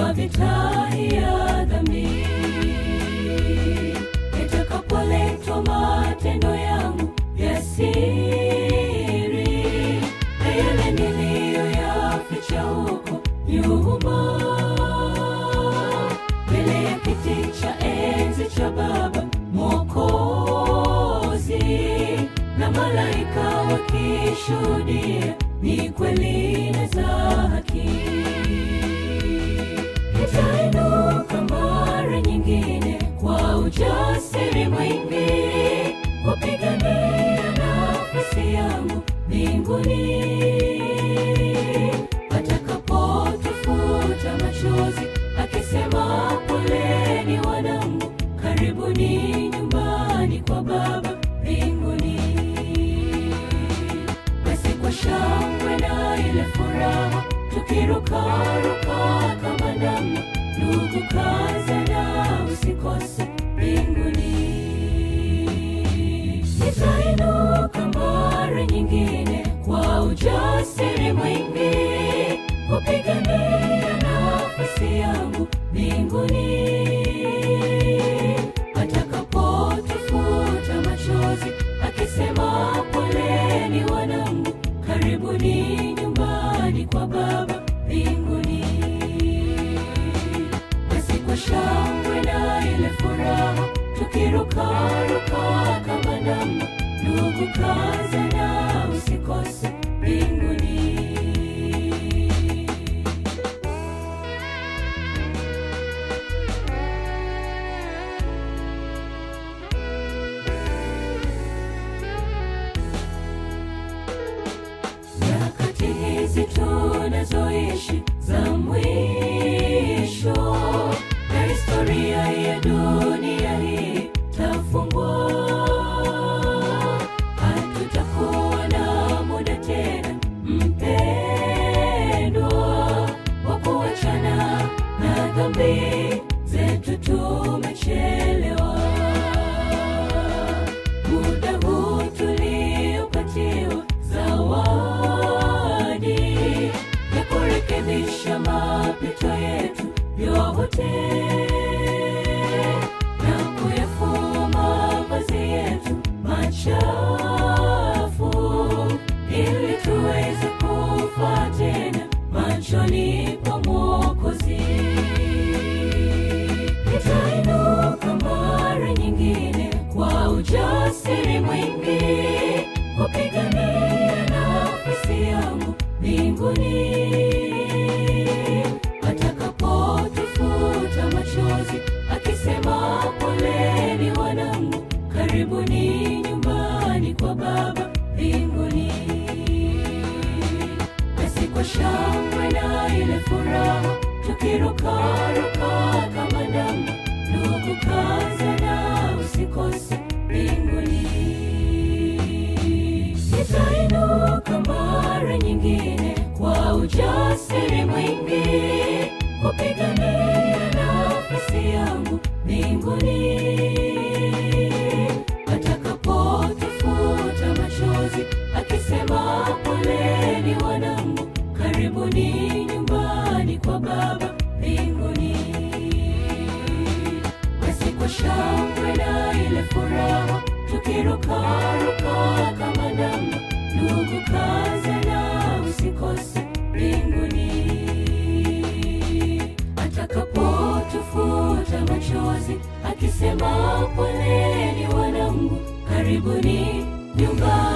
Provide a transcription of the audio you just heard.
kwa vita ya dhambi. Nitakapoletwa matendo yangu ya siri na yale niliyoyaficha huko nyuma mbele ya kiti cha enzi cha Baba Mwokozi na malaika wakishuhudia, ni kweli na za haki. wanangu, karibuni nyumbani kwa Baba mbinguni. Basi kwa shangwe na ile furaha, tukirukaruka kama ndama, ndugu, kaza na usikose mbinguni. Nitainuka mara nyingine kwa ujasiri mwingi kupigania nafasi yangu mbinguni. hizi tunazoishi za mwisho na historia ya dunia hii Day. machozi akisema, poleni wanangu, karibuni nyumbani kwa Baba mbinguni. Basi kwa shangwe na ile furaha tukirukaruka kama ndama, ndugu, kaza na usikose mbinguni. Nitainuka mara nyingine kwa ujasiri mwingi Karibuni nyumbani kwa Baba mbinguni, basi kwa shangwe na ile furaha tukirukaruka kama ndama. Ndugu, kaza na usikose mbinguni, atakapotufuta machozi akisema, poleni wanangu, karibuni nyumbani